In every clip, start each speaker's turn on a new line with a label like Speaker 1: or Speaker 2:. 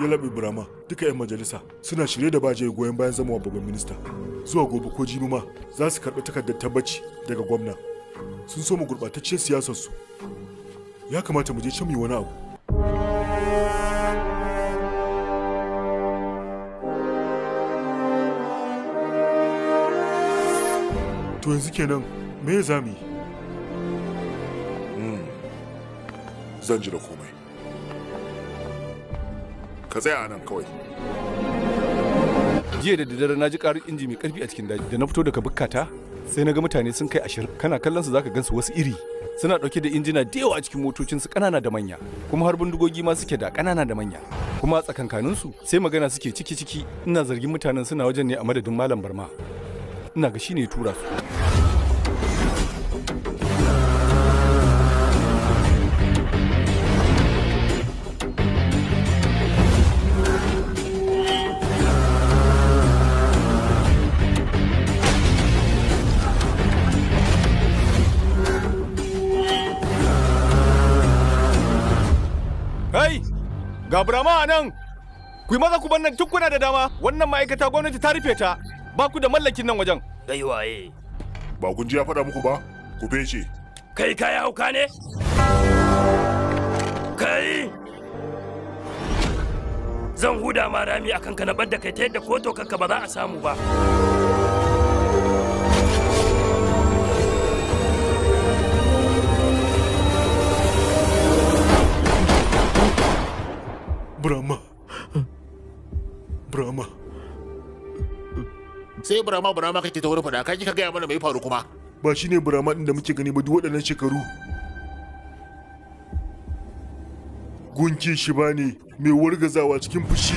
Speaker 1: ya laɓe burama duka 'yan majalisa suna shirye da baje goyon bayan zama babban minista zuwa gobe ko jibi ma za su karɓi takardar tabbaci daga gwamna sun so mu siyasar su ya kamata mu je can mu wani abu to yanzu kenan me za mu yi hmm. zan ji da
Speaker 2: komai ka tsaya a nan kawai jiya da daddare na ji karin inji mai karfi a cikin daji da na fito daga bukkata sai na ga mutane sun kai ashirin kana kallon su zaka gansu wasu iri suna ɗauke da injina da yawa a cikin motocinsu kanana da manya kuma har bindigogi ma suke da kanana da manya kuma a tsakankanin su sai magana suke ciki ciki ina zargin mutanen suna wajen ne a madadin malam barma ina ga shine tura su Kai, ga burama a nan, ku yi maza ku bannan nan da dama, wannan ma'aikata gwamnati ta rufe ta, ba ku da mallakin nan wajen. Kai waye. Ba kun ji ya faɗa muku ba, ku fece. Kai kaya hauka ne?
Speaker 3: Kai! Zan huda ma rami akan ka na da kai ta yadda ko to ba za a samu ba.
Speaker 1: Brahma. Brahma. Sai Brahma Brahma kake ta wurin faɗa kai ka gaya mana mai faru kuma. Ba shi ne Brahma ɗin da muke gani ba duk waɗannan shekaru. Gunki shi bane mai wargazawa cikin fushi.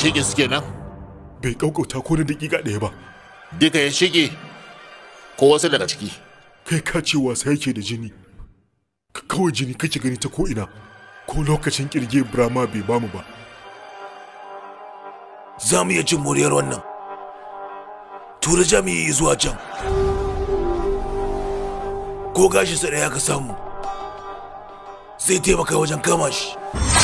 Speaker 1: shige suke nan. bai kaukauta ko na dakika ɗaya ba duka ya shige ko wasu daga ciki kai ka ce wasa yake da jini ka kawai jini kake gani ta ko'ina ko lokacin kirge brahma bai bamu ba za mu iya jin muryar wannan tura jami'i zuwa can ko gashi sa ya ka samu zai taimaka wajen kama shi